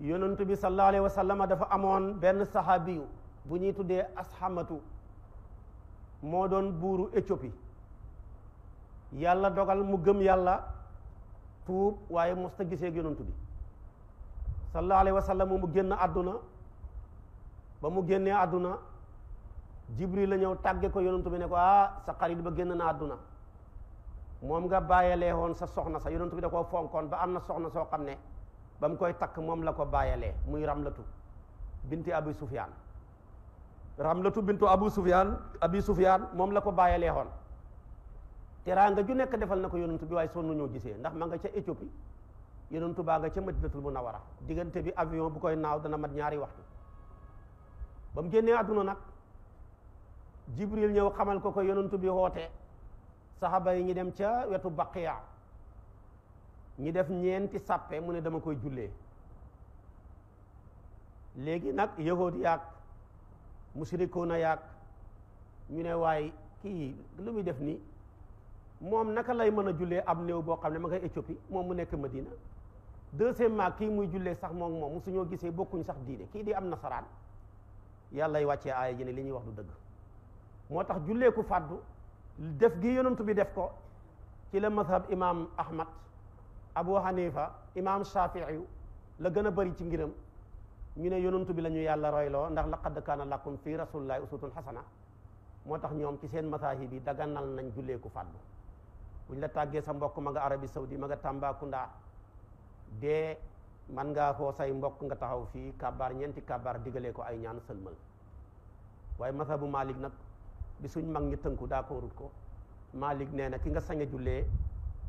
yonent bi sallallahu alayhi wa sallam dafa amoon benn saxaabiyu bu ñuy tuddee asxamatu moo doon buuru Éthiopie yàlla dogal mu gëm yàlla tuub waaye mosta gisee yonent bi sallallahu alayhi wa sallam mu génn àdduna ba mu génnee àdduna jibril la ñëw tàgge ko yonent bi ne ko ah sa xarit ba génn na àdduna moom nga bàyyeelee woon sa soxna sa yonent bi da koo fonkoon ba am na soxna soo xam ne ba mu koy takk moom la ko bàyyalee muy ramlatu binti abu sufyaan ramlatu bintu abu sufyaan abi sufyaan moom la ko bàyyalee xoon teraanga ju nekk defal na ko yonantu bi waaye sonn ñoo gisee ndax ma nga ca Éthiopie yonantu baa nga ca madinatul munawara diggante bi avion bu koy naaw dana mat ñaari waxtu ba mu génnee àdduna nag jibril ñëw xamal ko ko yonantu bi woote saxaba yi ñu dem ca wetu baqiya ñi def ñeenti sàppe mu ne dama koy jullee léegi nag yahud yaag musrikoona yàgg ñu ne waaye kii lu muy def nii moom naka lay mën a jullee ab néew boo xam ne ma ngay Éthiopie moom mu nekk ma Madina deuxièmement kii muy jullee sax moom moom mu suñoo gisee bokkuñ sax diine kii di am nasaraan yàlla wàccee aaya ji ne li ñuy wax du dëgg moo tax jullee ku fàddu def gi yonent bi def ko ci la mazhab imam Ahmad abu hanifa imam shafi'i la gën a bëri ci ngiram ñu ne yonantu bi la ñu yàlla royloo ndax laqad kaana lakum fi rasulillahi uswatun hasana moo tax ñoom ci seen masaahib yi daganal nañ julleeku fàddu buñ la tàggee sa mbokk ma nga arabi saudi ma nga Tambacounda dee man ngaa koo say mbokk nga taxaw fii kabaar ñeenti kabaar digalee ko ay ñaan sëlmal waaye bu Malik nag bi suñ mag ñi tënku daa koorut ko Malik nee na ki nga sañ a jullee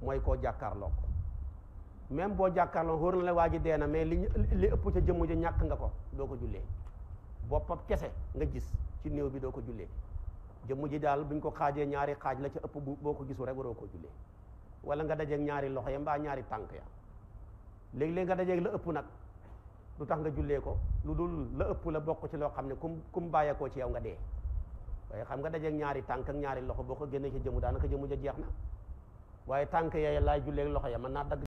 mooy koo jàkkaarloo même boo jàkkaarloo xóor na la waa ji dee mais li li ëpp ca jëmm ja ñàkk nga ko doo ko jullee boppam kese nga gis ci néew bi doo ko jullee jëmm ji daal buñ ko xaajee ñaari xaaj la ca ëpp boo ko gisu rek waroo ko jullee wala nga dajeeg ñaari loxo yam baa ñaari tànk ya léegi léeg nga dajeeg la ëpp nag lu tax nga jullee ko lu dul la ëpp la bokk ci loo xam ne kum kum bàyyeekoo ci yow nga dee waaye xam nga dajeeg ñaari tànk ñaari loxo boo ko génnee ci jëmu daanaka jëmu ja jeex na waaye tànk ya laay jullee loxo ya man naa dagg